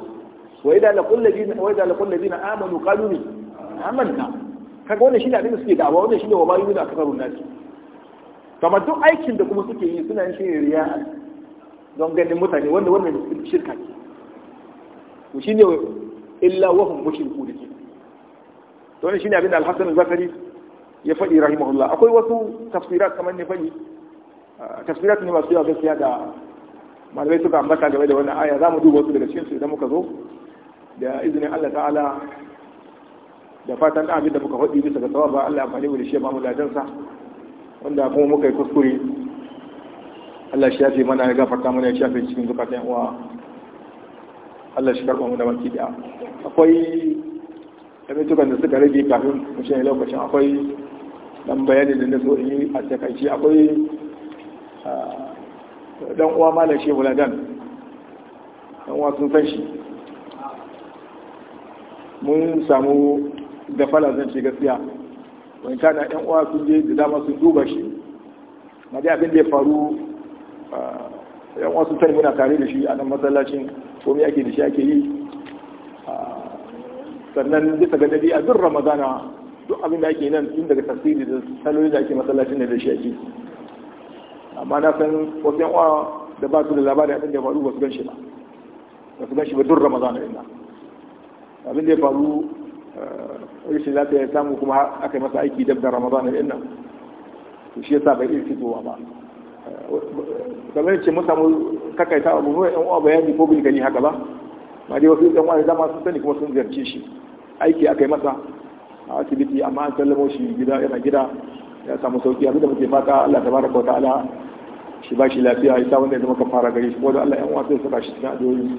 wa idza laqul ladina wa idza laqul ladina amanu qalu amanna kaga wannan shine abin da suke da'awa wannan shine wa ma yuna kafarun nasi kamar duk aikin da kuma suke yi suna yin shi don ganin mutane wanda wannan shirka ne to shine illa wa hum mushriku dake to wannan shine abin da al-Hasan al-Zakari ya faɗi rahimahullah akwai wasu tafsirat kamar ne fani tafsirat ne masu yawa gaskiya da malamai suka ambata game da wani aya za mu duba wasu daga cikinsu idan muka zo da izinin Allah ta'ala da fatan ɗan da muka faɗi bisa ga tsawaba Allah ya amfani mu da shi ba mu ladansa wanda kuma muka yi kuskure Allah shi fi mana ya gafarta mana ya fi cikin zukatan uwa Allah shi karɓa mu da wanki da akwai ɗabi'tukan da suka rage kafin mu shi lokacin akwai ɗan bayani da na so in yi a takaici akwai dan uwa malam shehu ladan dan uwa sun san shi mun samu da fala zan ce gaskiya wani kana ɗan uwa sun je da dama sun duba shi na dai abin da ya faru yan uwa sun sani muna tare da shi a nan masallacin komai ake da shi ake yi sannan bisa ga dabi a duk ramadana duk abin da ake nan tun daga tasiri da saloli da ake masallacin da shi ake amma na san wasu yan uwa da ba su da labari abin da ya faru ba su shi ba ba su gan ba duk ramadana ina abin da ya faru eh, rashin lafiya ya samu kuma aka yi masa aiki dab da ramadana ina to shi sa bai iya fitowa ba eh, kamar yace mun samu takaita abu ne yan uwa bayani ko bin gani haka ba ma dai wasu yan uwa da dama sun sani kuma sun ziyarce shi aiki aka yi masa a asibiti amma an sallamo shi gida yana gida ya samu sauki abinda muke fata Allah tabaraka wa ta'ala shi ba shi lafiya ya sa wanda ya zama fara gari, ko wanda Allah ya wasu saka shi cikin addu'o'i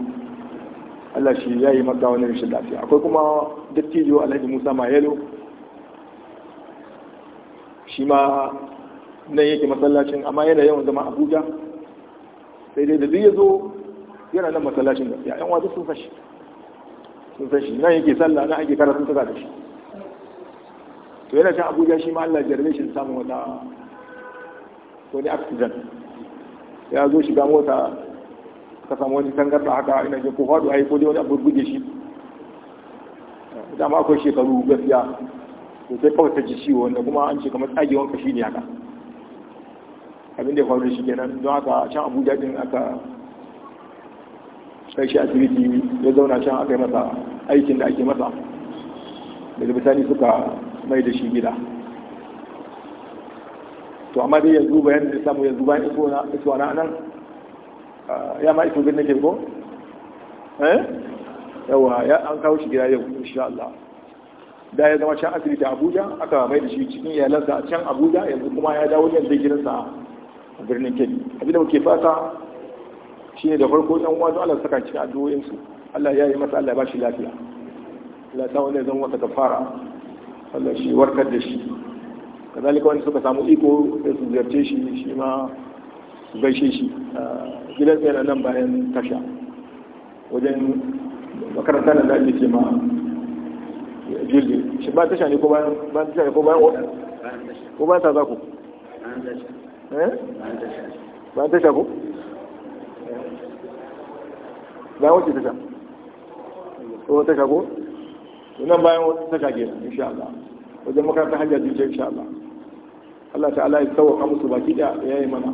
Allah shi ya yi maka wani rashin lafiya akwai kuma dattijo Alhaji Musa yalo shi ma nan yake masallacin amma yana yawan zama Abuja sai dai da duk ya zo yana nan masallacin gaskiya yan wasu sun fashi sun fashi nan yake sallah nan ake karatun saka da shi to yana can Abuja shi ma Allah ya jarbe shi samun wata wani accident ya zo shiga mota ka samu wani tangarda haka ina je ko faɗo ai ko dai wani abu guje shi dama akwai shekaru gaskiya to sai kawai ta ji ciwo wanda kuma an ce kamar wanka shi ne haka abin da ya faru shi kenan don haka can abuja din aka kai shi asibiti ya zauna can aka yi masa aikin da ake masa da bisani suka mai da shi gida to amma dai yanzu bayan da samu yanzu bayan iso na iso na nan ya ma iso bin ke ko eh yawa ya an kawo shi gida yau insha Allah da ya zama can asibiti Abuja aka mai da shi cikin iyalansa a can Abuja yanzu kuma ya dawo ne da gidansa a birnin Kebbi abinda muke fata shine da farko dan uwa Allah saka cikin addu'o'in su Allah ya yi masa Allah ya bashi lafiya Allah ta wanda zan wata kafara Allah shi warkar da shi kazalika wani suka samu iko da su ziyarce shi shi ma gaishe shi gidan yana nan bayan tasha wajen makaranta da ake ke ma jirgi shi ba tasha ne ko bayan tasha ne ko bayan waɗanda ko bayan eh? tasha ko bayan tasha ko bayan wace tasha ko tasha ko nan bayan wata tasha ke insha Allah wajen makaranta hajjar jirgin insha Allah Allah ta'ala ya sauka musu baki da yi mana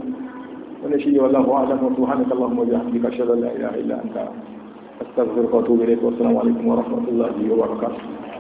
wannan shine wallahu a'lam wa subhanaka allahumma wa bihamdika ashhadu an la ilaha illa anta astaghfiruka wa atubu ilayk wa assalamu alaikum wa rahmatullahi wa barakatuh